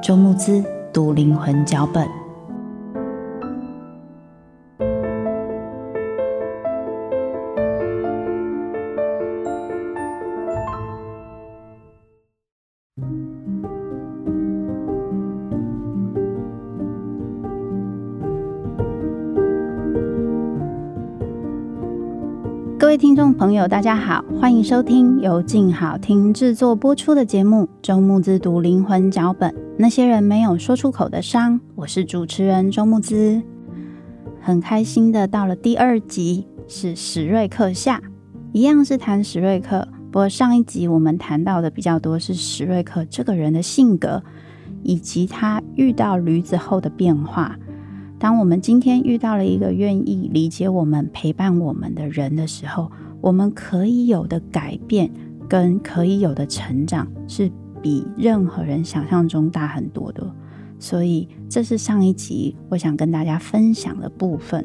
周慕姿讀靈魂腳本。各位聽眾朋友，大家好，歡迎收聽由靜好聽制作播出的節目《周慕姿讀靈魂腳本》。那些人沒有說出口的傷，我是主持人周慕姿，很開心的到了第二集，是史瑞克下，一樣是談史瑞克，不過上一集我們談到的比較多是史瑞克這個人的性格，以及他遇到驢子後的變化。當我們今天遇到了一個願意理解我們、陪伴我們的人的時候，我們可以有的改變跟可以有的成長是，比任何人想象中大很多的，所以這是上一集我想跟大家分享的部分。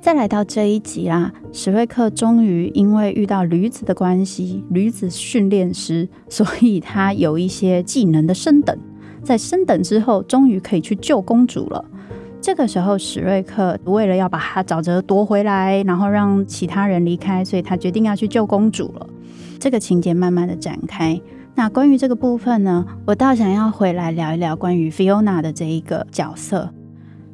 再來到這一集啦，史瑞克終於因為遇到驢子的關係，驢子訓練師，所以他有一些技能的升等。在升等之後，終於可以去救公主了。這個時候，史瑞克為了要把他沼澤奪回來，然後讓其他人離開，所以他決定要去救公主了。這個情節慢慢的展開。那關於這個部分呢，我倒想要回來聊一聊關於 Fiona 的這一個角色。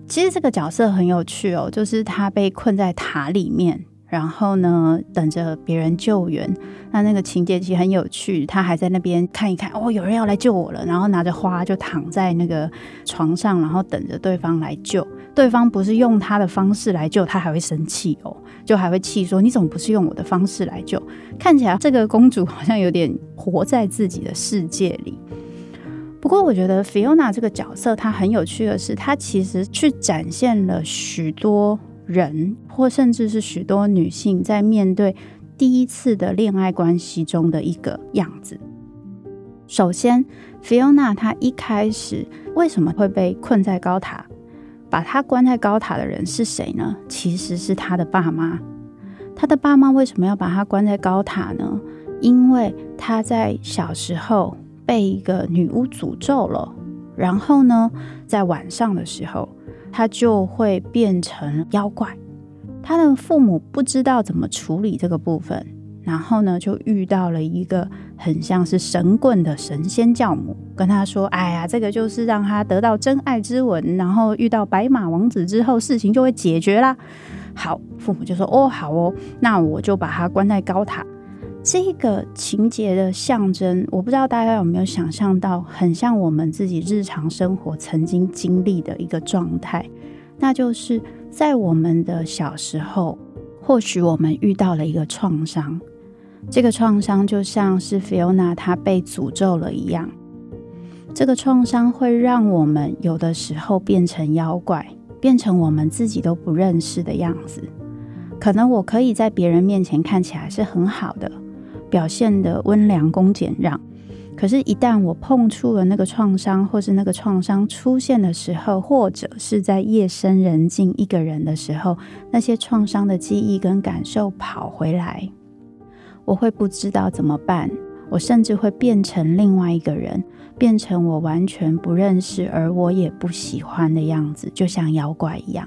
其實這個角色很有趣哦，就是他被困在塔裡面，然後呢，等着別人救援。那那個情節其實很有趣，他還在那邊看一看，哦，有人要來救我了，然後拿着花就躺在那個床上，然後等着對方來救。對方不是用他的方式來救，他還會生氣哦，就還會氣說：“你怎麼不是用我的方式來救。”看起來這個公主好像有點活在自己的世界裡。不過，我覺得 Fiona 這個角色，她很有趣的是，她其實去展現了許多人，或甚至是許多女性在面對第一次的戀愛關係中的一個樣子。首先，Fiona 她一開始為什麼會被困在高塔？把他關在高塔的人是誰呢？其實是他的爸媽。他的爸媽為什麼要把他關在高塔呢？因為他在小時候被一個女巫詛咒了，然後呢，在晚上的時候他就會變成妖怪。他的父母不知道怎麼處理這個部分，然後呢，就遇到了一個。很像是神棍的神仙教母，跟他說：“哎呀，這個就是讓他得到真愛之吻，然後遇到白馬王子之後，事情就會解決啦。”好，父母就說：“哦，好哦，那我就把他關在高塔。”這個情節的象徵，我不知道大家有沒有想象到，很像我們自己日常生活曾經經歷的一個狀態，那就是在我們的小時候，或許我們遇到了一個創傷。這個創傷就像是菲歐娜她被詛咒了一樣，這個創傷會讓我們有的時候變成妖怪，變成我們自己都不認識的樣子。可能我可以在別人面前看起來是很好的，表現得溫良恭儉讓，可是，一旦我碰觸了那個創傷，或是那個創傷出現的時候，或者是在夜深人靜一個人的時候，那些創傷的記憶跟感受跑回來。我會不知道怎麼辦，我甚至會變成另外一個人，變成我完全不認識而我也不喜歡的樣子，就像妖怪一樣。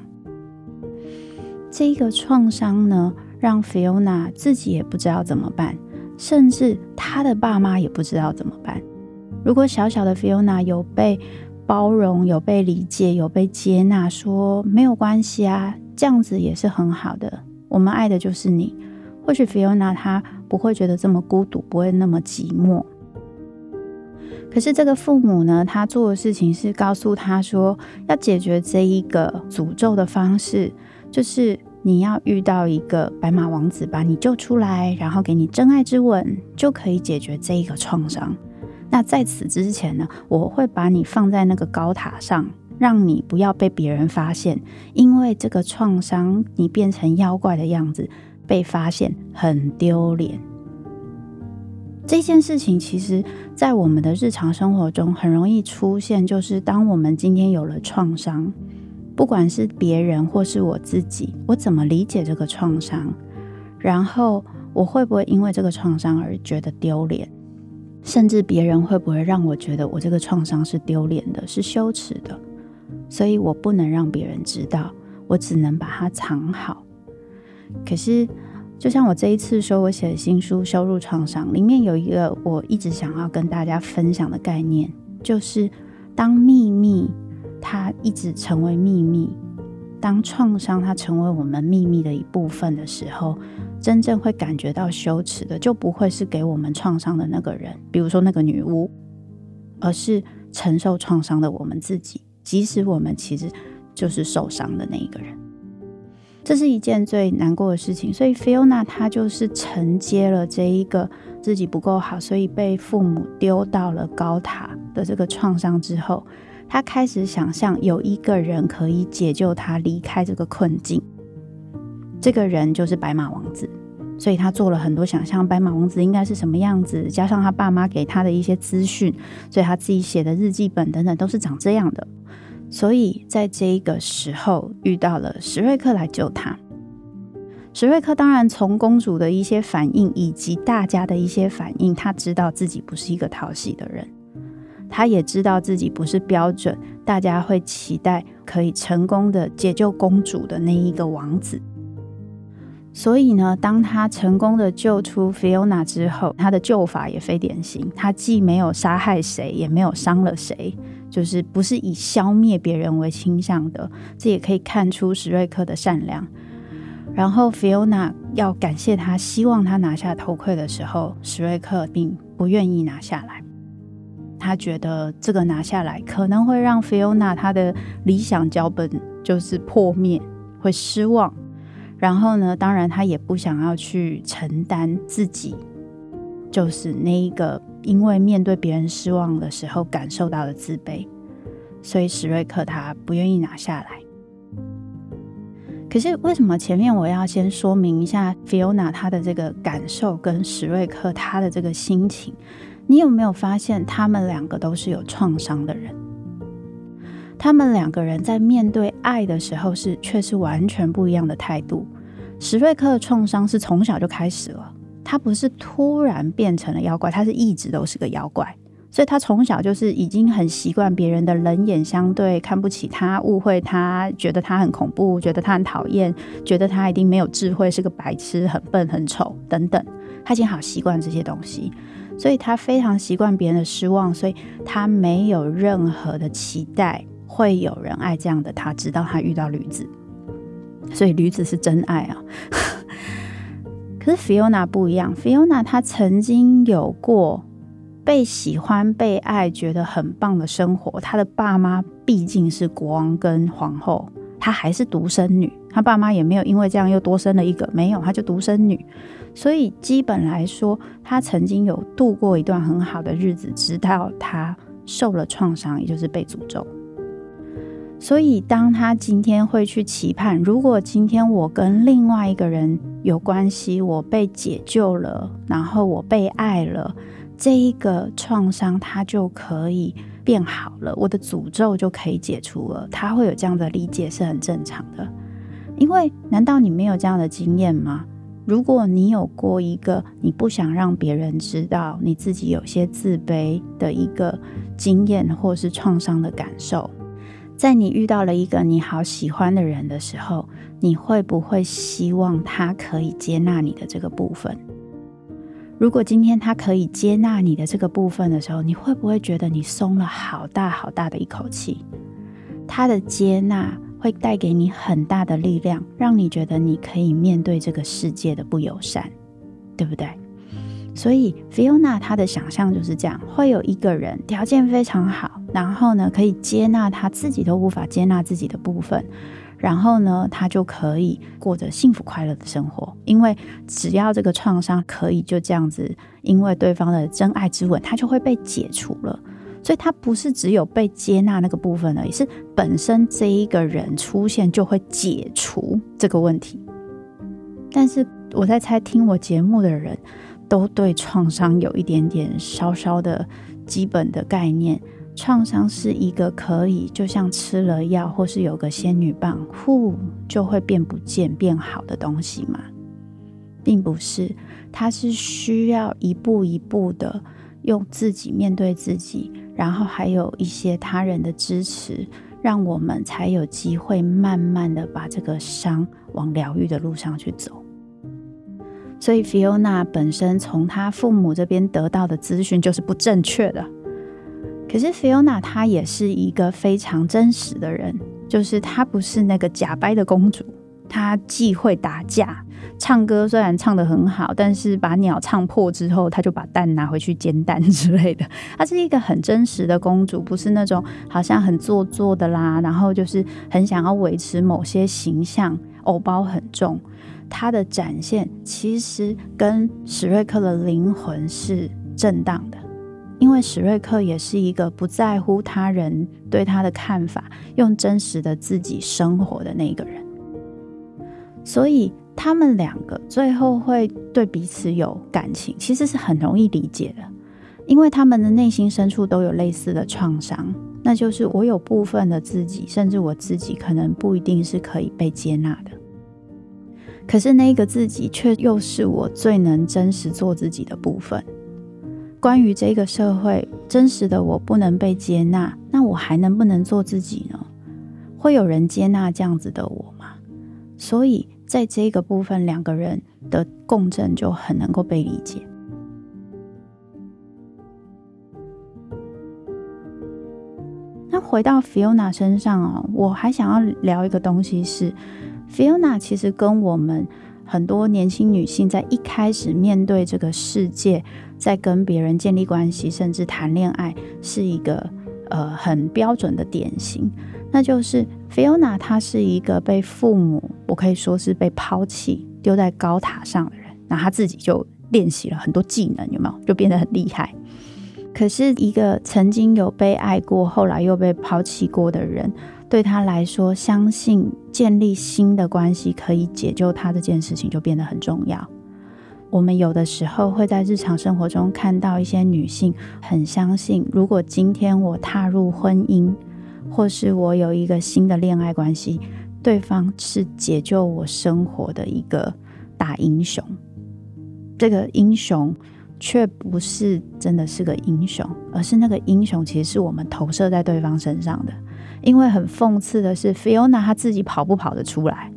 這個創傷呢，讓 Fiona 自己也不知道怎麼辦，甚至她的爸媽也不知道怎麼辦。如果小小的 Fiona 有被包容、有被理解、有被接納，說沒有關係啊，這樣子也是很好的。我們愛的就是你。或許 Fiona 她不會覺得這麼孤獨，不會那麼寂寞。可是這個父母呢，他做的事情是告訴他說，要解決這一個詛咒的方式，就是你要遇到一個白馬王子把你救出來，然後給你真愛之吻，就可以解決這一個創傷。那在此之前呢，我會把你放在那個高塔上，讓你不要被別人發現，因為這個創傷你變成妖怪的樣子。被發現很丟臉這件事情，其實，在我們的日常生活中很容易出現。就是當我們今天有了創傷，不管是別人或是我自己，我怎麼理解這個創傷，然後我會不會因為這個創傷而覺得丟臉？甚至別人會不會讓我覺得我這個創傷是丟臉的，是羞恥的？所以我不能讓別人知道，我只能把它藏好。可是……就像我這一次說，我寫的新書《羞辱創傷》裡面有一個我一直想要跟大家分享的概念，就是當秘密它一直成為秘密，當創傷它成為我們秘密的一部分的時候，真正會感覺到羞恥的，就不會是給我們創傷的那個人，比如說那個女巫，而是承受創傷的我們自己，即使我們其實就是受傷的那一個人。這是一件最難過的事情，所以 Fiona 她就是承接了這一個自己不夠好，所以被父母丟到了高塔的這個創傷之後，她開始想象有一個人可以解救她離開這個困境，這個人就是白馬王子，所以他做了很多想象白馬王子應該是什麼樣子，加上他爸媽給他的一些資訊，所以他自己寫的日記本等等都是長這樣的。所以，在這個時候遇到了史瑞克來救他。史瑞克當然從公主的一些反應以及大家的一些反應，他知道自己不是一個討喜的人，他也知道自己不是標準，大家會期待可以成功的解救公主的那一個王子。所以呢，當他成功的救出 Fiona 之後，他的救法也非典型，他既沒有殺害誰，也沒有傷了誰。就是不是以消滅別人為傾向的，這也可以看出史瑞克的善良。然後菲歐娜要感謝他，希望他拿下頭盔的時候，史瑞克並不願意拿下來。他覺得這個拿下來可能會讓菲歐娜她的理想腳本就是破滅，會失望。然後呢，當然他也不想要去承擔自己，就是那一個。因為面對別人失望的時候，感受到了自卑，所以史瑞克他不願意拿下來。可是為什麼前面我要先說明一下 Fiona 她的這個感受跟史瑞克他的這個心情？你有沒有發現他們兩個都是有創傷的人？他們兩個人在面對愛的時候是，卻是完全不一樣的態度。史瑞克的創傷是從小就開始了。他不是突然變成了妖怪，他是一直都是個妖怪，所以他從小就是已經很習慣別人的冷眼相對、看不起他、誤會他、覺得他很恐怖、覺得他很討厭、覺得他一定沒有智慧、是個白痴、很笨、很醜等等，他已經好習慣這些東西，所以他非常習慣別人的失望，所以他沒有任何的期待會有人愛這樣的他，直到他遇到驢子，所以驢子是真愛啊。 可是 Fiona 不一樣，Fiona 她曾經有過被喜歡、被愛、覺得很棒的生活。她的爸媽畢竟是國王跟皇後，她還是獨生女。她爸媽也沒有因為這樣又多生了一個，沒有，她就獨生女。所以基本來說，她曾經有度過一段很好的日子，直到她受了創傷，也就是被詛咒。所以，當他今天會去期盼，如果今天我跟另外一個人有關係，我被解救了，然後我被愛了，這一個創傷他就可以變好了，我的詛咒就可以解除了。他會有這樣的理解是很正常的，因為難道你沒有這樣的經驗嗎？如果你有過一個你不想讓別人知道，你自己有些自卑的一個經驗或是創傷的感受。在你遇到了一個你好喜歡的人的時候，你會不會希望他可以接納你的這個部分？如果今天他可以接納你的這個部分的時候，你會不會覺得你鬆了好大好大的一口氣？他的接納會帶給你很大的力量，讓你覺得你可以面對這個世界的不友善，對不對？所以，菲歐娜她的想象就是這樣：會有一個人條件非常好，然後呢，可以接納他自己都無法接納自己的部分，然後呢，他就可以過着幸福快樂的生活。因為只要這個創傷可以就這樣子，因為對方的真愛之吻，他就會被解除了。所以，他不是只有被接納那個部分而已，是本身這一個人出現就會解除這個問題。但是，我在猜，聽我節目的人。都對創傷有一點點稍稍的基本的概念。創傷是一個可以就像吃了藥或是有個仙女棒呼，就會變不見、變好的東西嗎？並不是，它是需要一步一步的用自己面對自己，然後還有一些他人的支持，讓我們才有機會慢慢的把這個傷往療癒的路上去走。所以 Fiona 本身從她父母這邊得到的資訊就是不正確的。可是 Fiona 她也是一個非常真實的人，就是她不是那個假掰的公主，她既會打架，唱歌雖然唱得很好，但是把鳥唱破之後，她就把蛋拿回去煎蛋之類的。她是一個很真實的公主，不是那種好像很做作的啦，然後就是很想要維持某些形象，偶包很重。他的展現其實跟史瑞克的靈魂是震盪的，因為史瑞克也是一個不在乎他人對他的看法，用真實的自己生活的那個人。所以他們兩個最後會對彼此有感情，其實是很容易理解的，因為他們的內心深處都有類似的創傷，那就是我有部分的自己，甚至我自己可能不一定是可以被接納的。可是那個自己卻又是我最能真實做自己的部分。關於這個社會，真實的我不能被接納，那我還能不能做自己呢？會有人接納這樣子的我嗎？所以在這個部分，兩個人的共振就很能夠被理解。那回到 Fiona 身上哦，我還想要聊一個東西是。菲歐娜其實跟我們很多年輕女性在一開始面對這個世界，在跟別人建立關係，甚至談戀愛，是一個呃很標準的典型。那就是菲歐娜，她是一個被父母，我可以說是被拋棄丟在高塔上的人，然後她自己就練習了很多技能，有沒有？就變得很厲害。可是，一個曾經有被愛過，後來又被拋棄過的人，對她來說，相信。建立新的關係可以解救他這件事情就變得很重要。我們有的時候會在日常生活中看到一些女性很相信，如果今天我踏入婚姻，或是我有一個新的戀愛關係，對方是解救我生活的一個大英雄。這個英雄卻不是真的是個英雄，而是那個英雄其實是我們投射在對方身上的。因為很諷刺的是，Fiona 她自己跑不跑得出來？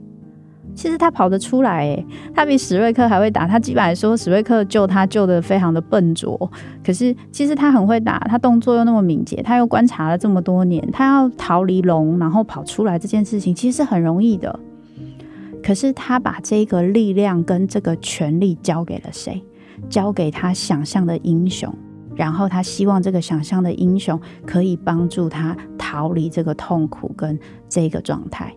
其實她跑得出來，欸，她他比史瑞克還會打。她基本來說，史瑞克救她救得非常的笨拙。可是其實她很會打，她動作又那麼敏捷，她又觀察了這麼多年，她要逃離龍，然後跑出來這件事情，其實是很容易的。可是她把這個力量跟這個權力交給了誰？交給她想象的英雄。然後他，希望這個想象的英雄可以幫助他逃離這個痛苦跟這個狀態。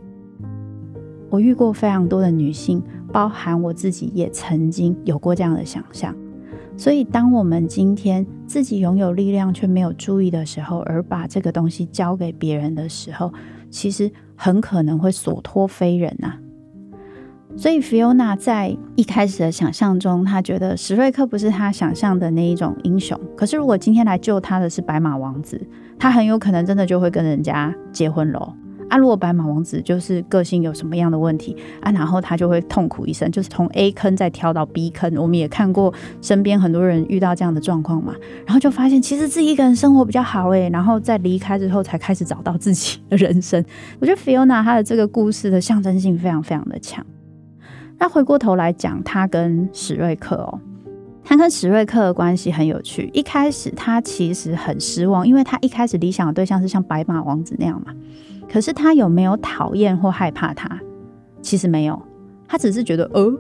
我遇過非常多的女性，包含我自己也曾經有過這樣的想象所以，當我們今天自己擁有力量卻沒有注意的時候，而把這個東西交給別人的時候，其實很可能會所托非人吶、啊。所以 Fiona 在一開始的想象中，她覺得史瑞克不是她想象的那一種英雄。可是如果今天來救她的是白馬王子，她很有可能真的就會跟人家結婚嘍。啊，如果白馬王子就是個性有什麼樣的問題啊，然後她就會痛苦一生，就是從 A 坑再跳到 B 坑。我們也看過身邊很多人遇到這樣的狀況嘛，然後就發現其實自己一個人生活比較好欸，然後在離開之後才開始找到自己的人生。我覺得 Fiona 她的這個故事的象徵性非常非常的強。那回過頭來講，他跟史瑞克哦，他跟史瑞克的關係很有趣。一開始他其實很失望，因為他一開始理想的對象是像白馬王子那樣嘛。可是他有沒有討厭或害怕他？其實沒有，他只是覺得，呃，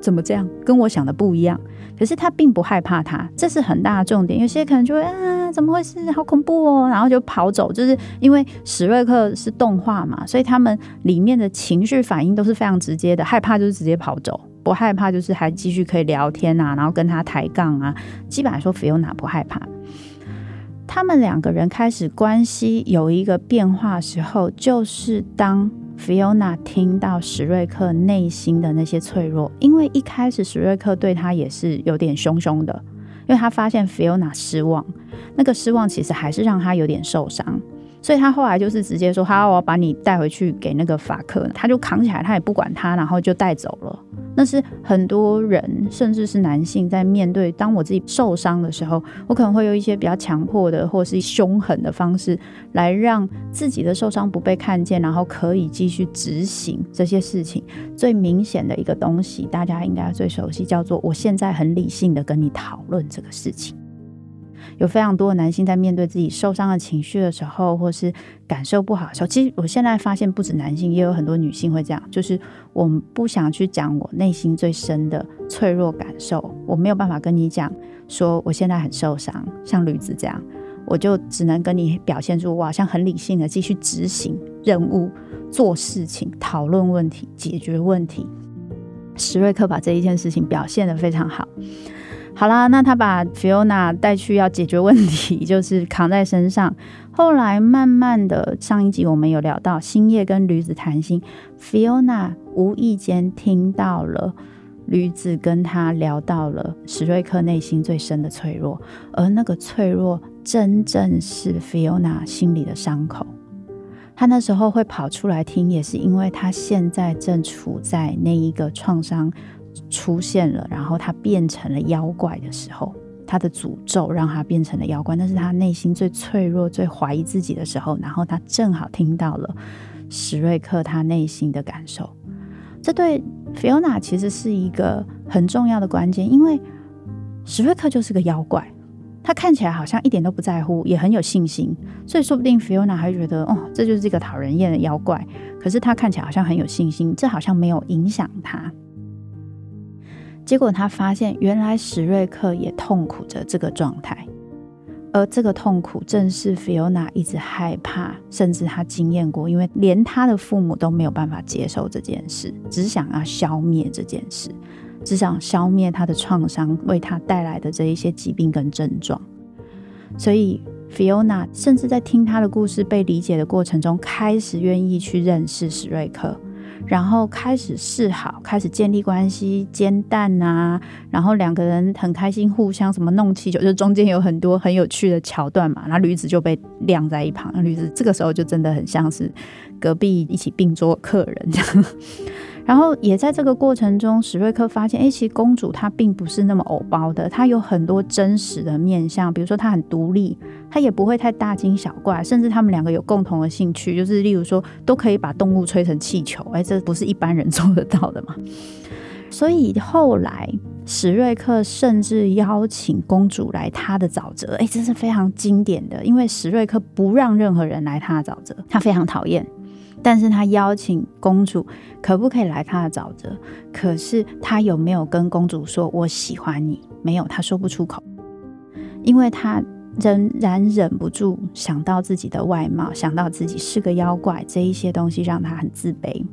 怎麼這樣？跟我想的不一樣。可是他並不害怕他，他這是很大的重點。有些人可能就會啊，怎麼回事？好恐怖哦，然後就跑走。就是因為史瑞克是動畫嘛，所以他們裡面的情緒反應都是非常直接的。害怕就是直接跑走，不害怕就是還繼續可以聊天啊，然後跟他抬槓啊。基本上說，菲歐娜不害怕。他們兩個人開始關係有一個變化的時候，就是當。菲歐娜聽到史瑞克內心的那些脆弱，因為一開始史瑞克對她也是有點凶凶的，因為他發現菲歐娜失望，那個失望其實還是讓他有點受傷。所以他後來就是直接說：“哈，我要把你帶回去給那個法克。”他就扛起來，他也不管他，然後就帶走了。那是很多人，甚至是男性，在面對當我自己受傷的時候，我可能會用一些比較強迫的，或是凶狠的方式來讓自己的受傷不被看見，然後可以繼續執行這些事情。最明顯的一個東西，大家應該最熟悉，叫做我現在很理性的跟你討論這個事情。有非常多的男性在面對自己受傷的情緒的時候，或是感受不好的時候，其實我現在發現不止男性，也有很多女性會這樣，就是我們不想去講我內心最深的脆弱感受，我沒有辦法跟你講，說我現在很受傷，像驢子這樣，我就只能跟你表現出我好像很理性的繼續執行任務、做事情、討論問題、解決問題。史瑞克把這一件事情表現得非常好。好啦，那他把 Fiona 帶去要解決問題，就是扛在身上。後來慢慢的，上一集我們有聊到星夜跟驢子談心，Fiona 無意間聽到了驢子跟他聊到了史瑞克內心最深的脆弱，而那個脆弱真正是 Fiona 心裡的傷口。他那時候會跑出來聽，也是因為他現在正處在那一個創傷，出現了，然後他變成了妖怪的時候，他的詛咒讓他變成了妖怪。但是他內心最脆弱、最懷疑自己的時候，然後他正好聽到了史瑞克他內心的感受，這對菲歐娜其實是一個很重要的關鍵，因為史瑞克就是個妖怪，他看起來好像一點都不在乎，也很有信心，所以說不定菲歐娜還覺得哦，這就是一個討人厭的妖怪。可是他看起來好像很有信心，這好像沒有影響他。結果他發現，原來史瑞克也痛苦着這個狀態，而這個痛苦正是菲歐娜一直害怕，甚至她經驗過，因為連她的父母都沒有辦法接受這件事，只想要消滅這件事，只想消滅她的創傷為她帶來的這一些疾病跟症狀。所以菲歐娜甚至在聽她的故事被理解的過程中，開始願意去認識史瑞克。然後開始示好，開始建立關係，煎蛋啊，然後兩個人很開心，互相什麼弄氣球，就中間有很多很有趣的橋段嘛。然後驢子就被晾在一旁，驢子這個時候就真的很像是隔壁一起併桌客人這樣。然後也在這個過程中，史瑞克發現，哎、欸，其實公主她並不是那麼“偶包”的，她有很多真實的面向，比如說她很獨立，她也不會太大驚小怪，甚至他們兩個有共同的興趣，就是例如說都可以把動物吹成氣球，哎、欸，這不是一般人做得到的嘛。所以後來史瑞克甚至邀請公主來他的沼澤，哎、欸，這是非常經典的，因為史瑞克不讓任何人來他的沼澤，他非常討厭。但是他邀請公主可不可以來他的沼澤？可是他有沒有跟公主說我喜歡你？沒有，他說不出口，因為他仍然忍不住想到自己的外貌，想到自己是個妖怪，這一些東西讓他很自卑。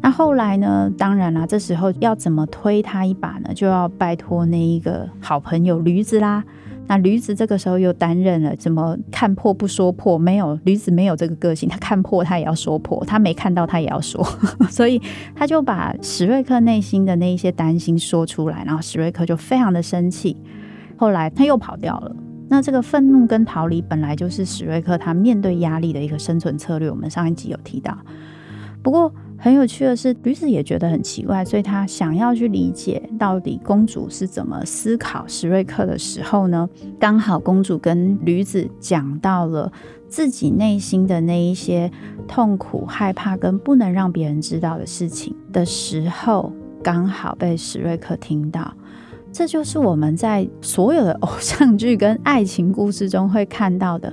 那後來呢？當然啦，這時候要怎麼推他一把呢？就要拜托那一個好朋友驢子啦。那驢子這個時候又擔任了怎麼看破不說破？沒有，驢子沒有這個個性，他看破他也要說破，他沒看到他也要說， 所以他就把史瑞克內心的那一些擔心說出來，然後史瑞克就非常的生氣，後來他又跑掉了。那這個憤怒跟逃離本來就是史瑞克他面對壓力的一個生存策略，我們上一集有提到，不過。很有趣的是，驢子也覺得很奇怪，所以他想要去理解到底公主是怎麼思考史瑞克的時候呢，剛好公主跟驢子講到了自己內心的那一些痛苦、害怕跟不能讓別人知道的事情的時候，剛好被史瑞克聽到。這就是我們在所有的偶像劇跟愛情故事中會看到的。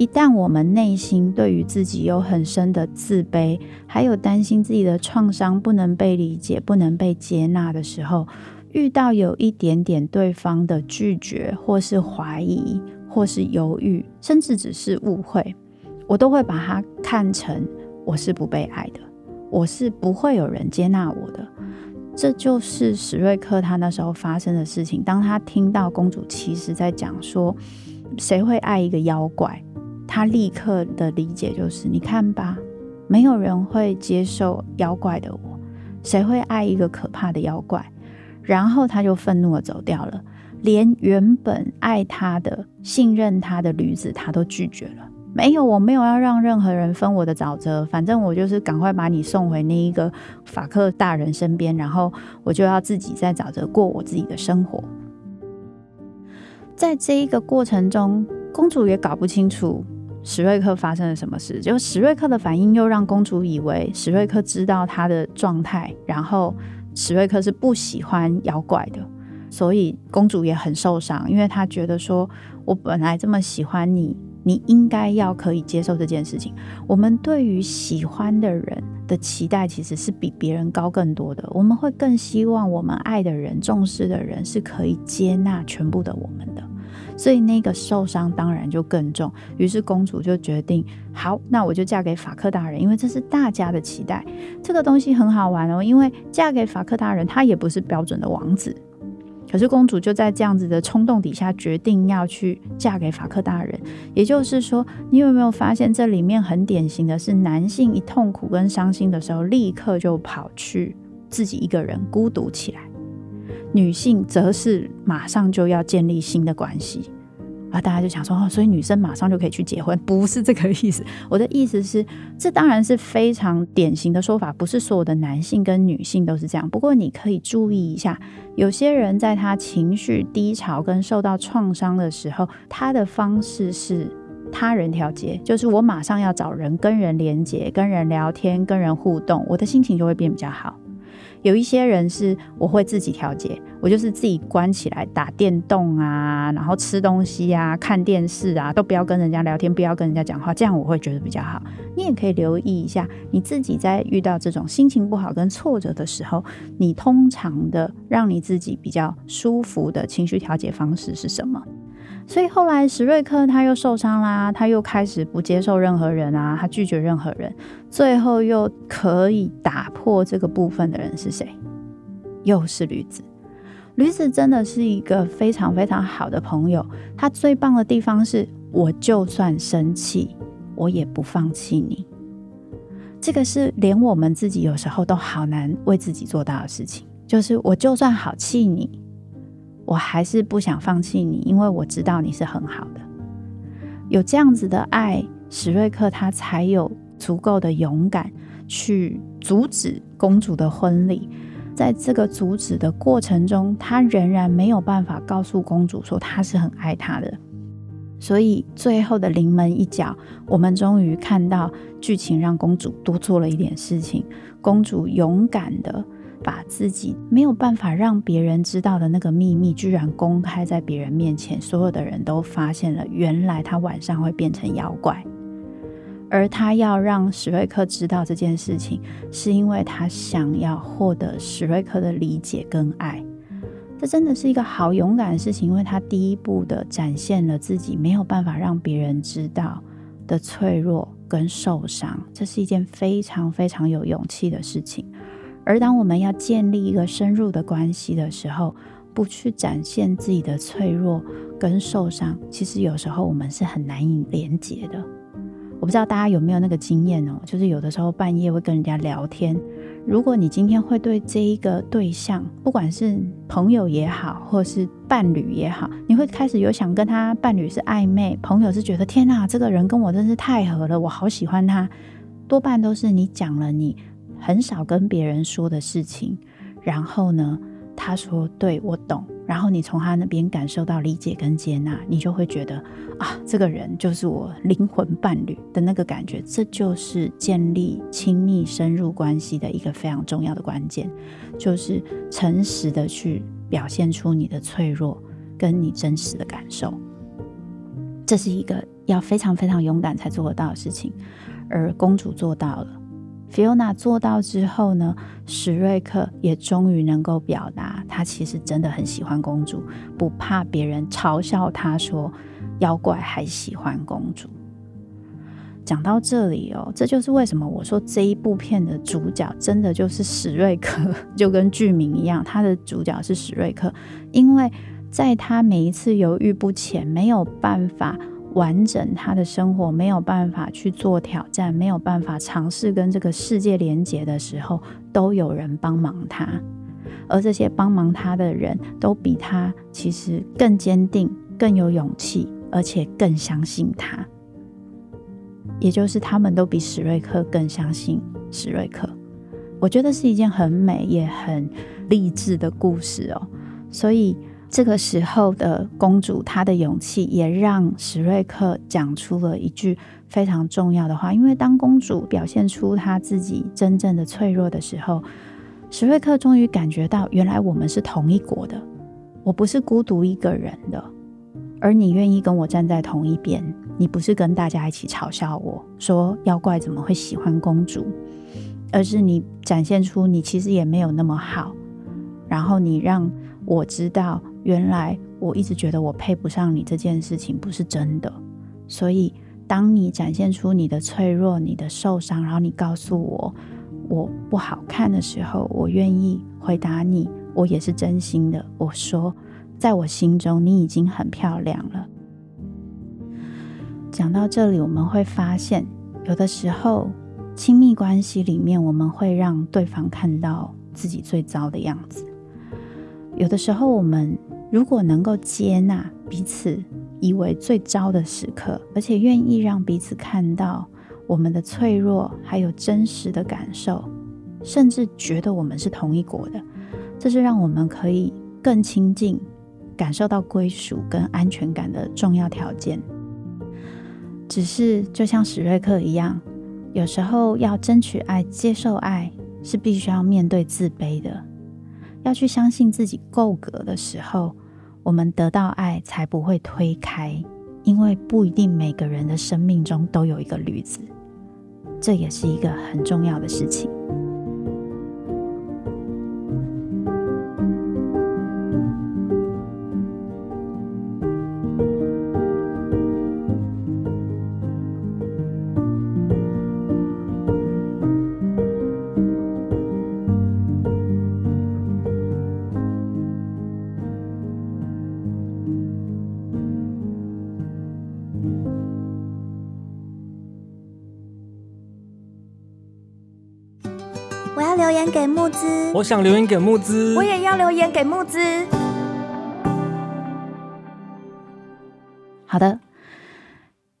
一旦我們內心對於自己有很深的自卑，還有擔心自己的創傷不能被理解、不能被接納的時候，遇到有一點點對方的拒絕，或是懷疑，或是猶豫，甚至只是誤會，我都會把它看成我是不被愛的，我是不會有人接納我的。這就是史瑞克他那時候發生的事情。當他聽到公主其實在講說，誰會愛一個妖怪？他立刻的理解就是：你看吧，沒有人會接受妖怪的我，誰會愛一個可怕的妖怪？然後他就憤怒地走掉了，連原本愛他的、信任他的驢子，他都拒絕了。沒有，我沒有要讓任何人分我的沼澤，反正我就是趕快把你送回那一個法克大人身邊，然後我就要自己在沼澤過我自己的生活。在這一個過程中，公主也搞不清楚。史瑞克發生了什麼事？就史瑞克的反應又讓公主以為史瑞克知道她的狀態，然後史瑞克是不喜歡妖怪的，所以公主也很受傷，因為她覺得說，我本來這麼喜歡你，你應該要可以接受這件事情。我們對於喜歡的人的期待其實是比別人高更多的，我們會更希望我們愛的人、重視的人是可以接納全部的我們的。所以那個受傷當然就更重，於是公主就決定，好，那我就嫁給法克大人，因為這是大家的期待。這個東西很好玩哦，因為嫁給法克大人，他也不是標準的王子。可是公主就在這樣子的衝動底下決定要去嫁給法克大人。也就是說，你有沒有發現這裡面很典型的是，男性一痛苦跟傷心的時候，立刻就跑去自己一個人孤獨起來。女性則是馬上就要建立新的關係啊！大家就想說哦，所以女生馬上就可以去結婚，不是這個意思。我的意思是，這當然是非常典型的說法，不是所有的男性跟女性都是這樣。不過你可以注意一下，有些人在他情緒低潮跟受到創傷的時候，他的方式是他人調節，就是我馬上要找人跟人連接、跟人聊天、跟人互動，我的心情就會變比較好。有一些人是我會自己調節，我就是自己關起來打電動啊，然後吃東西啊，看電視啊，都不要跟人家聊天，不要跟人家講話，這樣我會覺得比較好。你也可以留意一下，你自己在遇到這種心情不好跟挫折的時候，你通常的讓你自己比較舒服的情緒調節方式是什麼？所以後來史瑞克他又受傷啦，他又開始不接受任何人啊，他拒絕任何人。最後又可以打破這個部分的人是誰？又是驢子。驢子真的是一個非常非常好的朋友。他最棒的地方是，我就算生氣，我也不放棄你。這個是連我們自己有時候都好難為自己做到的事情，就是我就算好氣你。我還是不想放棄你，因為我知道你是很好的。有這樣子的愛，史瑞克他才有足夠的勇敢去阻止公主的婚禮。在這個阻止的過程中，他仍然沒有辦法告訴公主說他是很愛她的。所以最後的臨門一腳，我們終於看到劇情讓公主多做了一點事情。公主勇敢的，把自己沒有辦法讓別人知道的那個秘密，居然公開在別人面前，所有的人都發現了。原來他晚上會變成妖怪，而他要讓史瑞克知道這件事情，是因為他想要獲得史瑞克的理解跟愛。這真的是一個好勇敢的事情，因為他第一步的展現了自己沒有辦法讓別人知道的脆弱跟受傷，這是一件非常非常有勇氣的事情。而當我們要建立一個深入的關係的時候，不去展現自己的脆弱跟受傷，其實有時候我們是很難以連結的。我不知道大家有沒有那個經驗哦，就是有的時候半夜會跟人家聊天。如果你今天會對這一個對象，不管是朋友也好，或是伴侶也好，你會開始有想跟他伴侶是曖昧，朋友是覺得天啊，這個人跟我真是太合了，我好喜歡他。多半都是你講了你。很少跟別人說的事情，然後呢，他說，對，我懂，然後你從他那邊感受到理解跟接納，你就會覺得啊，這個人就是我靈魂伴侶的那個感覺。這就是建立親密深入關係的一個非常重要的關鍵，就是誠實的去表現出你的脆弱跟你真實的感受。這是一個要非常非常勇敢才做得到的事情，而公主做到了。菲歐娜做到之後呢，史瑞克也終於能夠表達，他其實真的很喜歡公主，不怕別人嘲笑他說妖怪還喜歡公主。講到這裡哦，這就是為什麼我說這一部片的主角真的就是史瑞克，就跟劇名一樣，他的主角是史瑞克，因為在他每一次猶豫不前，沒有辦法。完整他的生活，沒有辦法去做挑戰，沒有辦法嘗試跟這個世界連接的時候，都有人幫忙他，而這些幫忙他的人都比他其實更堅定、更有勇氣，而且更相信他。也就是他們都比史瑞克更相信史瑞克，我覺得是一件很美也很勵志的故事哦。所以。這個時候的公主，她的勇氣也讓史瑞克講出了一句非常重要的話。因為當公主表現出她自己真正的脆弱的時候，史瑞克終於感覺到，原來我們是同一國的，我不是孤獨一個人的。而你願意跟我站在同一邊，你不是跟大家一起嘲笑我說妖怪怎麼會喜歡公主，而是你展現出你其實也沒有那麼好，然後你讓我知道。原來我一直覺得我配不上你這件事情不是真的，所以當你展現出你的脆弱、你的受傷，然後你告訴我我不好看的時候，我願意回答你，我也是真心的。我說，在我心中你已經很漂亮了。講到這裡，我們會發現，有的時候親密關係裡面，我們會讓對方看到自己最糟的樣子；有的時候我們，如果能夠接納彼此以為最糟的時刻，而且願意讓彼此看到我們的脆弱，還有真實的感受，甚至覺得我們是同一國的，這是讓我們可以更親近，感受到歸屬跟安全感的重要條件。只是就像史瑞克一樣，有時候要爭取愛、接受愛，是必須要面對自卑的。要去相信自己夠格的時候，我們得到愛才不會推開，因為不一定每個人的生命中都有一個驢子，這也是一個很重要的事情。我要留言給慕姿。我想留言給慕姿，我也要留言給慕姿。好的，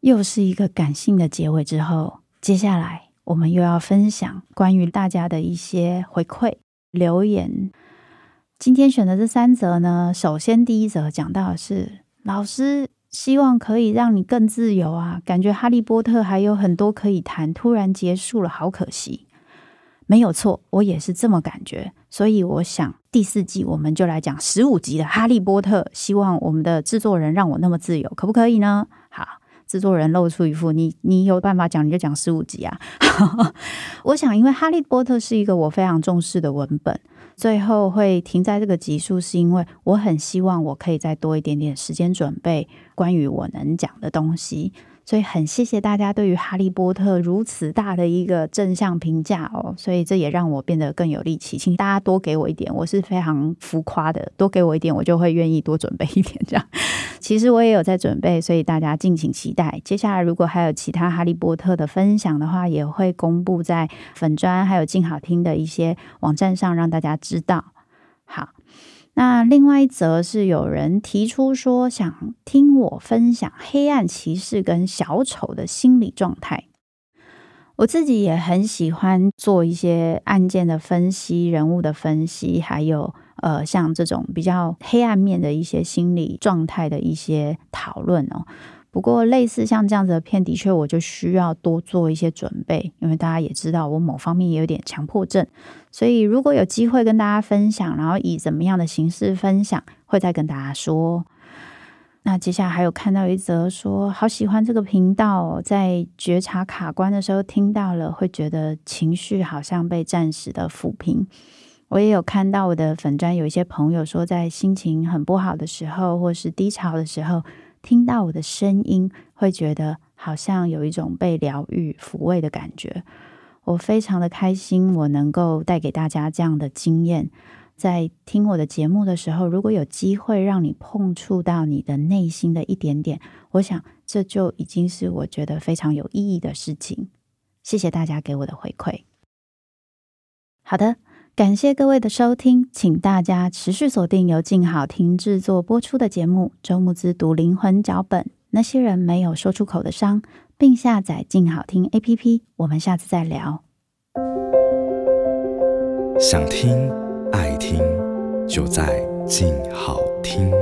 又是一個感性的結尾。之後，接下來我們又要分享關於大家的一些回饋留言。今天選的這三則呢，首先第一則講到的是老師希望可以讓你更自由啊，感覺哈利波特還有很多可以談，突然結束了，好可惜。沒有錯，我也是這麼感覺。所以我想第四季我們就來講十五集的《哈利波特》。希望我們的制作人讓我那麼自由，可不可以呢？好，制作人露出一副你你有辦法講你就講十五集啊。 我想，因為《哈利波特》是一個我非常重視的文本，最後會停在這個集數，是因為我很希望我可以再多一點點時間準備關於我能講的東西。所以很謝謝大家對於《哈利波特》如此大的一個正向評價哦，所以這也讓我變得更有力氣，請大家多給我一點，我是非常浮誇的，多給我一點，我就會願意多準備一點這樣。其實我也有在準備，所以大家敬請期待。接下來如果還有其他《哈利波特》的分享的話，也會公布在粉專還有鏡好聽的一些網站上，讓大家知道。那另外一則，是有人提出說，想聽我分享黑暗騎士跟小丑的心理狀態。我自己也很喜歡做一些案件的分析、人物的分析，還有呃，像這種比較黑暗面的一些心理狀態的一些討論哦。不過，類似像這樣子的片，的確，我就需要多做一些準備，因為大家也知道，我某方面也有點強迫症，所以如果有機會跟大家分享，然後以怎麼樣的形式分享，會再跟大家說。那接下來還有看到一則說，好喜歡這個頻道哦，在覺察卡關的時候聽到了，會覺得情緒好像被暫時的撫平。我也有看到我的粉專，有一些朋友說，在心情很不好的時候，或是低潮的時候。聽到我的聲音，會覺得好像有一種被療癒、撫慰的感覺。我非常的開心，我能夠帶給大家這樣的經驗。在聽我的節目的時候，如果有機會讓你碰觸到你的內心的一點點，我想這就已經是我覺得非常有意義的事情。謝謝大家給我的回饋。好的。感謝各位的收聽，請大家持續鎖定由靜好聽制作播出的節目《周慕姿讀靈魂腳本》，那些人沒有說出口的傷，並下載靜好聽 APP。我們下次再聊。想聽愛聽，就在靜好聽。